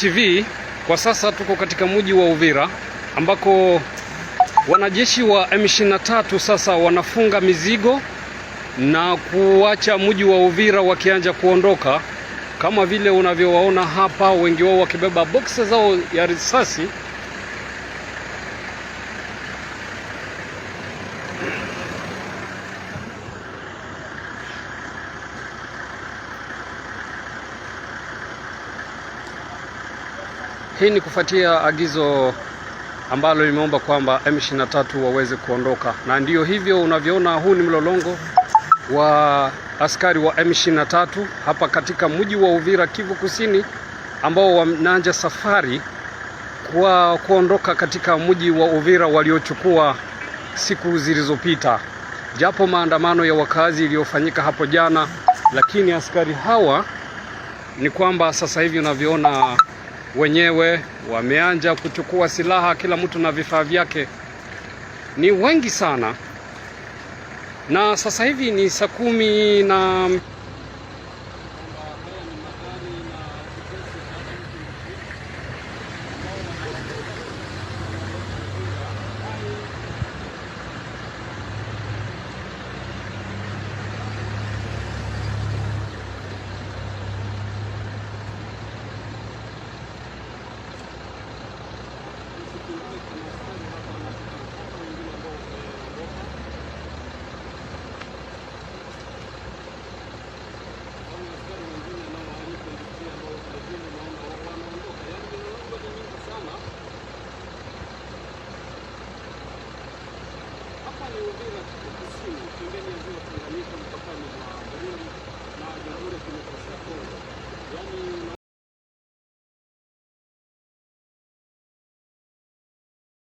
TV. Kwa sasa tuko katika mji wa Uvira ambako wanajeshi wa M23 sasa wanafunga mizigo na kuacha mji wa Uvira wakianja kuondoka, kama vile unavyowaona hapa, wengi wao wakibeba boksi zao ya risasi. Hii ni kufuatia agizo ambalo limeomba kwamba M23 waweze kuondoka, na ndiyo hivyo unavyoona, huu ni mlolongo wa askari wa M23 hapa katika mji wa Uvira, Kivu Kusini, ambao wanaanza safari kwa kuondoka katika mji wa Uvira waliochukua siku zilizopita, japo maandamano ya wakazi iliyofanyika hapo jana, lakini askari hawa ni kwamba sasa hivi unavyoona wenyewe wameanja kuchukua silaha, kila mtu na vifaa vyake, ni wengi sana, na sasa hivi ni saa kumi na היהודים. לא